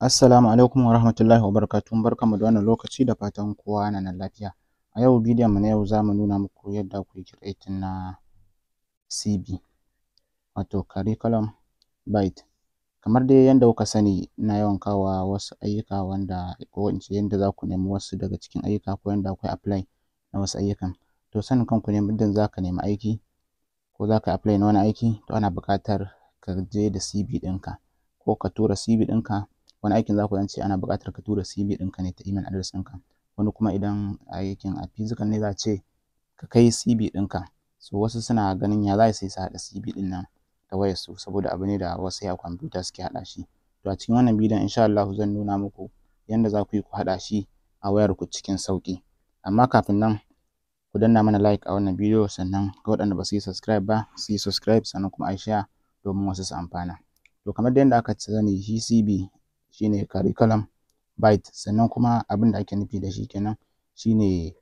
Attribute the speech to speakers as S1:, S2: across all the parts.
S1: Assalamu alaikum wa rahmatullahi wa barakatuhu barkamu da wannan lokaci da fatan kowa na nan lafiya a yau bidiyon mu na yau mu nuna muku yadda ku yi creating na CV wato curriculum vitae kamar dai yadda kuka sani na yawan kawa wasu ayyuka wanda ko in ce yanda za ku nemi wasu daga cikin ayyuka ko yanda akwai apply na wasu ayyukan to sanin kanku ne muddin za ka nemi aiki ko za ka apply na wani aiki to ana buƙatar ka je da CV ɗinka ko ka tura CV ɗinka wani aikin za ku zance ana buƙatar ka tura CV ɗinka ne ta email address ɗinka wani kuma idan aikin a physical ne za ce ka kai CV ɗinka so wasu suna ganin ya za su yi su haɗa CV ɗin nan da wayar su saboda abu ne da wasu a kwamfuta suke haɗa shi to a cikin wannan bidiyon insha Allah zan nuna muku yanda za ku yi ku haɗa shi a wayar ku cikin sauƙi amma kafin nan ku danna mana like a wannan bidiyo sannan ga waɗanda ba su yi subscribe ba su yi subscribe sannan kuma a share domin wasu su amfana to kamar da yadda aka sani shi CV shine curriculum byte sannan kuma abin da ake nufi da shi kenan shine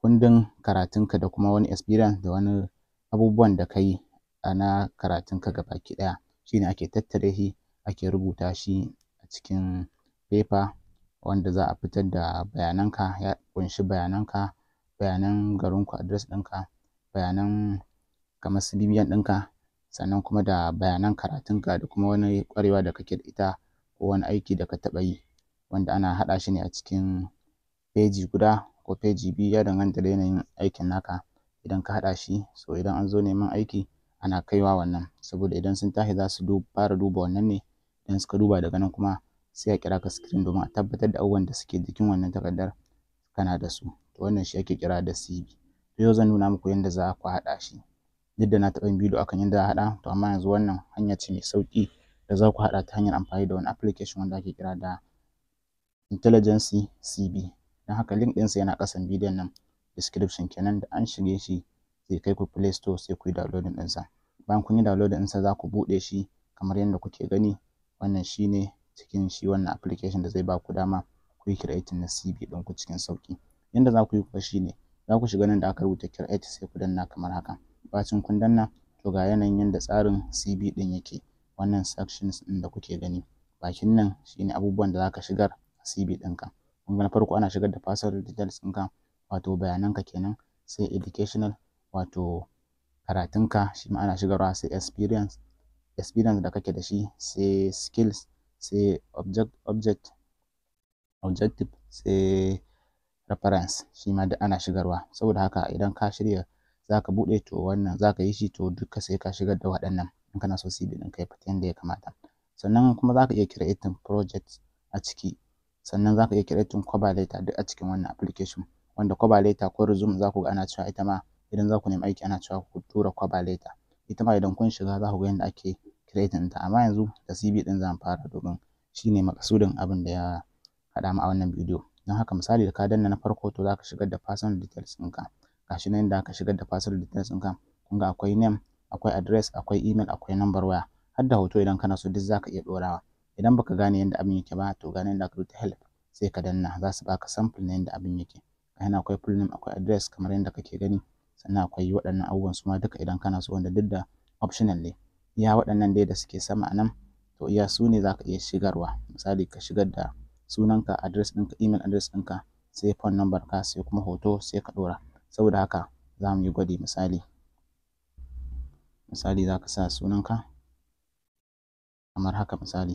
S1: kundin karatunka da kuma wani experience da wani abubuwan da ka yi a na karatunka baki ɗaya shine ake tattare shi ake rubuta shi a cikin paper wanda za a fitar da bayananka ya ƙunshi bayananka bayanan garin ku address ɗinka bayanan kamar su ɗinka sannan kuma da bayanan karatunka da kuma wani kwarewa da kake da ita ko wani aiki da ka taɓa yi wanda ana haɗa shi ne a cikin feji guda ko feji biyu ya danganta da yanayin aikin naka idan ka haɗa shi so idan an zo neman aiki ana kaiwa wannan saboda idan sun tashi za su fara duba wannan ne idan suka duba daga nan kuma sai a kira ka screen domin a tabbatar da abubuwan da suke jikin wannan takardar kana da su to wannan shi ake kira da CV to yau zan nuna muku yadda za ku haɗa shi duk da na taɓa yin bidiyo akan yadda za a haɗa to amma yanzu wannan hanya ce mai sauƙi da za ku haɗa ta hanyar amfani da wani application wanda ake kira da Intelligency CB. Don haka link ɗinsa yana ƙasan bidiyon nan description kenan da an shige shi zai kai ku Play Store sai ku yi downloading ɗinsa. Bayan kun yi downloading ɗinsa za ku buɗe shi kamar yadda kuke gani wannan shine cikin shi wannan application da zai ba ku dama ku yi creating na cb ɗin ku cikin sauƙi. yadda za ku yi kuwa shine za ku shiga nan da aka rubuta create sai ku danna kamar haka. Bacin kun danna to ga yanayin yadda tsarin cb ɗin yake. wannan sections ɗin da kuke gani bakin nan shine abubuwan da zaka shigar a CV ɗinka kun na farko ana shigar da personal details ɗinka wato bayananka kenan sai educational wato karatunka shi ma ana shigarwa sai experience experience da kake da shi sai skills sai object object objective sai reference shi ma duk ana shigarwa saboda haka idan ka shirya zaka bude to wannan zaka yi shi to duka sai ka shigar da waɗannan in kana so CV ɗinka ya fita yadda ya kamata sannan kuma za ka iya creating project a ciki sannan za ka iya creating cover letter duk a cikin wannan application wanda cover letter ko resume za ku ga ana cewa ita ma idan za ku nemi aiki ana cewa ku tura cover letter ita ma idan kun shiga za ku ga yadda ake creating ta amma yanzu da CV ɗin zan fara domin ne makasudin abin da ya haɗa mu a wannan bidiyo don haka misali da ka danna na farko to za ka shigar da personal details ɗinka gashi nan da ka shigar da personal details ɗinka kun ga akwai name akwai address akwai email akwai number waya har da hoto idan kana so duk zaka iya dorawa idan baka gane yadda abin yake ba to gane yadda kadu rubuta help sai ka danna za su baka sample na yadda abin yake na akwai full name akwai address kamar yadda kake gani sannan akwai waɗannan abubuwan su ma duka idan kana so wanda duk da optional ne iya waɗannan dai da suke sama a nan to iya su ne zaka iya shigarwa misali ka shigar da sunanka address ɗinka email address ɗinka sai phone number ka sai kuma hoto sai ka ɗora saboda haka za mu yi gwadi misali misali za ka sa sunanka kamar haka misali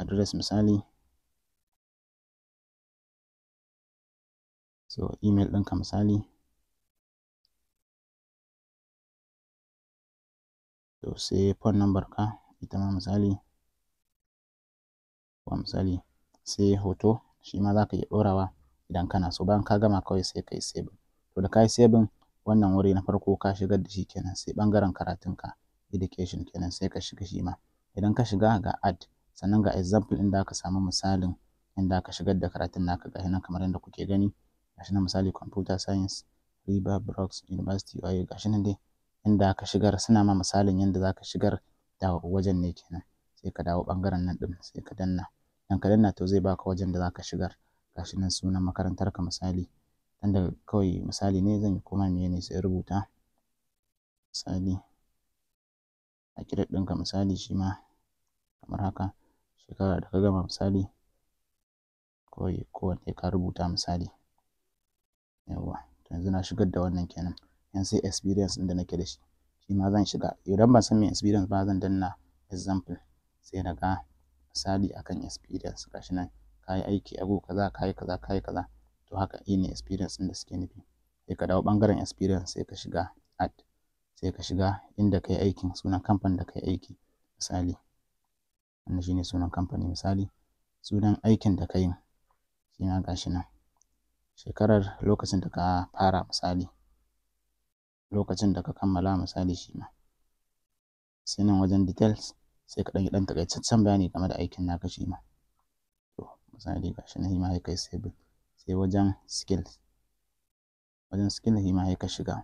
S1: adres misali so email ɗinka misali to sai phone number ka ita ma misali wa misali sai hoto shi ma za ka iya ɗorawa idan kana so bayan ka gama kawai sai ka yi to da ka yi wannan wuri na farko ka shigar da shi kenan sai ɓangaren karatunka education kenan sai ka shiga shi ma idan ka shiga ga ad sannan ga example inda aka samu misalin inda aka shigar da karatun naka ga nan kamar yadda kuke gani gashi nan misali computer science river brooks university oyo gashi nan dai inda aka shigar suna ma misalin yadda za ka shigar da wajen ne kenan sai ka dawo bangaren nan ɗin sai ka danna dan ka danna to zai baka wajen da za ka shigar gashi nan sunan makarantarka misali tunda kawai misali ne zan yi koma meye ne sai rubuta misali a kira ɗinka misali shi ma kamar haka shekara da ka gama misali kawai kowanne ka rubuta misali yawa yanzu na shigar da wannan kenan yan sai experience ɗin da nake da shi shi ma zan shiga idan ban san me experience ba zan danna example sai na ga misali akan experience gashi nan ka yi aiki a kaza ka yi kaza ka yi kaza to haka e ne experience ɗin da suke nufi sai ka dawo ɓangaren experience sai ka shiga ad sai ka shiga inda yi aikin sunan kamfanin da yi aiki misali wannan shine sunan kamfani misali sunan aikin da yi shi na gashi nan shekarar lokacin da ka fara misali lokacin da ka kammala misali shi ma sai nan wajen details sai ka ɗan ɗan taƙaitaccen bayani game da aikin naka shi ma to misali gashi nan shi ma sai kai saving sai wajen skill wajen skill shi ma ka shiga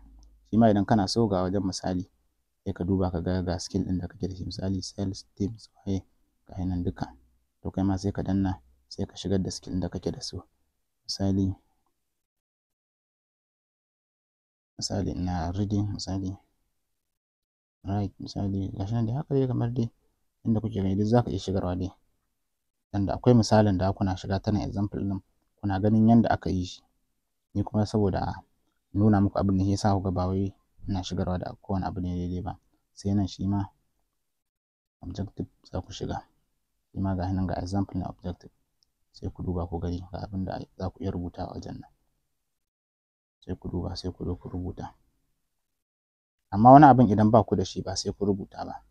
S1: shi ma idan kana so ga wajen misali sai ka duba ka ga ga skill ɗin da kake da shi misali sales teams waye ga nan duka to kai ma sai ka danna sai ka shigar da skill da kake da su misali misali na reading misali right misali gashi nan dai haka dai kamar dai inda kuke gani duk zaka iya shigarwa dai dan da akwai misalin da kuna shiga tana example din kuna ganin yanda aka yi shi ni kuma saboda nuna muku abin da shi sa kuga ba wai ina shigarwa da kowane abu ne daidai ba sai nan shi ma objective za ku shiga shi ma ga nan ga example na objective sai ku duba ku gani ga abin da za ku iya rubuta a wajen nan sai ku duba sai ku zo ku rubuta amma wani abin idan ba ku da shi ba sai ku rubuta ba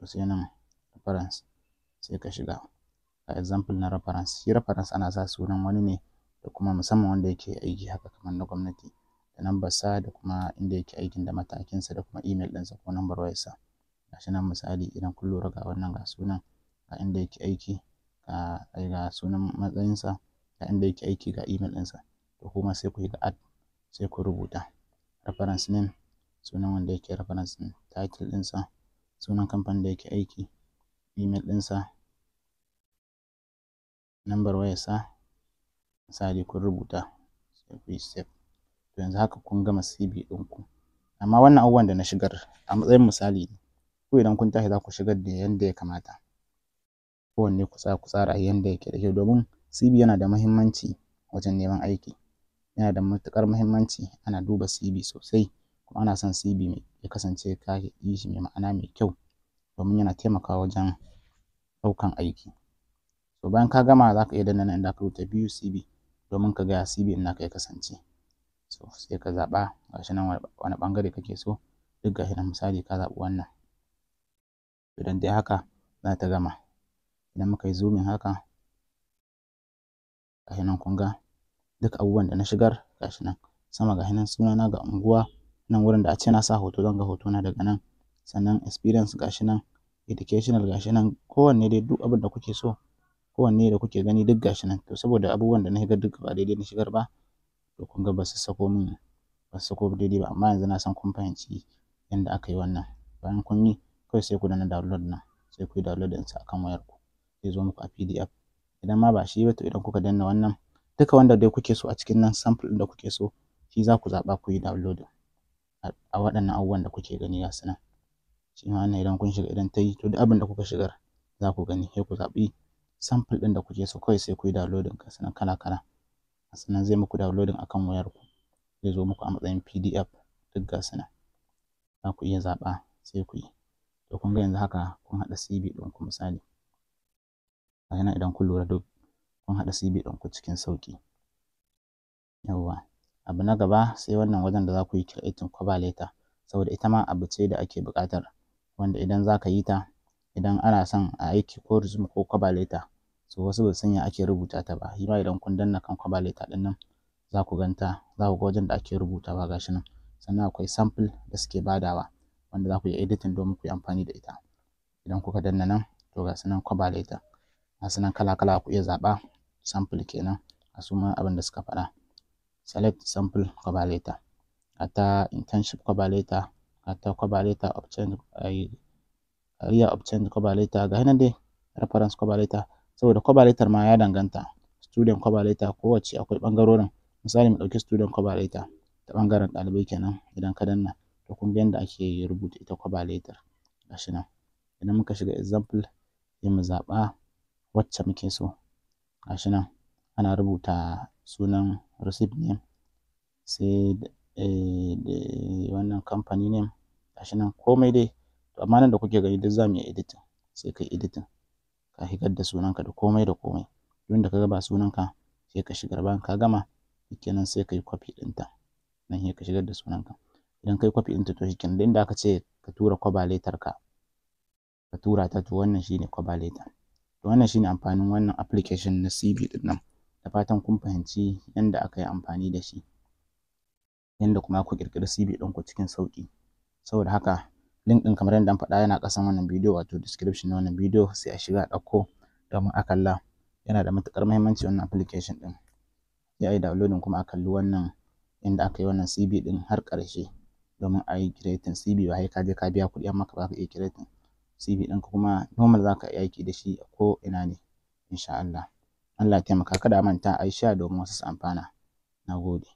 S1: to sai nan reference sai ka shiga example na reference shi reference ana sa sunan wani ne da kuma musamman wanda yake aiki haka kamar na gwamnati da number sa da kuma inda yake aikin da matakinsa da kuma email ɗinsa ko number sa gashi nan misali idan kun lura ga wannan ga sunan ga inda yake aiki ga sunan matsayinsa ga inda yake aiki ga email ɗinsa to kuma sai ku yi ga add sai ku rubuta reference name sunan wanda yake reference title ɗinsa sunan kamfanin da yake aiki email ɗinsa lambar wayarsa misali kun rubuta to yanzu haka kun gama CV ɗinku amma wannan abubuwan da na shigar a matsayin misali ne ko idan kun tashi za ku shigar da yanda ya kamata kowanne ku tsaya ku tsara yanda yake da kyau domin CV yana da muhimmanci wajen neman aiki yana da matukar muhimmanci ana duba CV sosai kuma ana son CV ya kasance ka yi shi mai ma'ana mai kyau domin yana taimakawa wajen ɗaukan aiki to bayan ka gama za ka iya danna inda ka rubuta biyu cv domin ka ga cv ɗin naka ya kasance so sai ka zaɓa shi nan wani ɓangare kake so duk shi nan misali ka zaɓi wannan to idan dai haka za ta gama idan muka yi zoomin haka shi nan kun ga duk abubuwan da na shigar shi nan sama shi nan sunana ga unguwa nan wurin da a ce na sa hoto zan ga hotona daga nan sannan experience shi nan educational shi nan kowanne dai duk abin da kuke so kowanne da kuke gani duk gashi nan to saboda abubuwan da na shigar duk ba daidai na shigar ba to kun ga su sako min ba su sako daidai ba amma yanzu na san kun fahimci yadda aka yi wannan bayan kun yi kawai sai ku dana download nan sai kuyi yi download sa akan wayar ku zai zo muku a pdf idan ma ba shi ba to idan kuka danna wannan duka wanda dai kuke so a cikin nan sample ɗin da kuke so shi za ku zaɓa ku yi download a waɗannan abubuwan da kuke gani ga nan shi ma wannan idan kun shiga idan ta yi to duk abin da kuka shigar za ku gani sai ku zaɓi sample ɗin da kuke so kawai sai ku yi downloading ka sanan kala kala sanan zai muku downloading akan wayar ku zai zo muku a matsayin pdf duk ga sanan za ku iya zaɓa sai ku yi to kun ga yanzu haka kun haɗa cv ɗin ku misali a yana idan kun lura duk kun haɗa cv ɗin ku cikin sauki yawa abu na gaba sai wannan wajen da za ku yi creating cover letter saboda ita ma abu ce da ake buƙatar wanda idan za ka yi ta idan ana son a aiki ko resume ko cover letter so wasu ba san ya ake rubuta ta ba shi ma idan kun danna kan kwabaleta din nan za ku ganta za ku ga wajen da ake rubuta rubutawa gashi nan sannan akwai sample da suke badawa wanda za ku yi editing domin ku yi amfani da ita idan kuka danna nan to ga sunan nan kwabaleta ga sunan kala kala ku iya zaɓa sample kenan a su ma abin da suka faɗa select sample kwabaleta ata internship kwabaleta ata kwabaleta obtained of change eh, kwabaleta ga nan dai reference saboda cover ma ya danganta student cover kowace akwai ɓangarorin misali mu ɗauki student cover ta ɓangaren ɗalibai kenan idan ka danna to kun ga yadda ake rubuta ita cover gashi nan idan muka shiga example sai mu zaɓa wacce muke so gashi nan ana rubuta sunan receipt name sai eh, wannan company name gashi nan komai dai to amma nan da kuke gani duk za mu iya editing sai kai editing ka shigar da sunanka da komai da komai duk da kaga ba sunanka sai ka shigar bayan ka gama shikenan sai ka yi ɗinta nan sai ka shigar da sunanka idan kai kwafi ɗinta to shikenan da aka ce ka tura kwaba letter ka ka tura ta to wannan shine kwaba letter to wannan shine amfanin wannan application na CV din nan da fatan kun fahimci yadda aka yi amfani da shi yadda kuma ku kirkira CV ɗinku cikin sauƙi saboda haka link din kamar yadda an faɗa yana ƙasan wannan bidiyo wato description na wannan bidiyo sai a shiga a ɗauko domin a kalla yana da matuƙar muhimmanci wannan application ɗin sai a yi downloading kuma a kalli wannan inda aka yi wannan CV ɗin har ƙarshe domin a yi creating CV ba sai ka je ka biya kuɗi amma ka ba ka iya creating CV ka kuma normal za ka iya aiki da shi ko ina ne insha Allah Allah ya taimaka kada manta a yi sha domin wasu su amfana na gode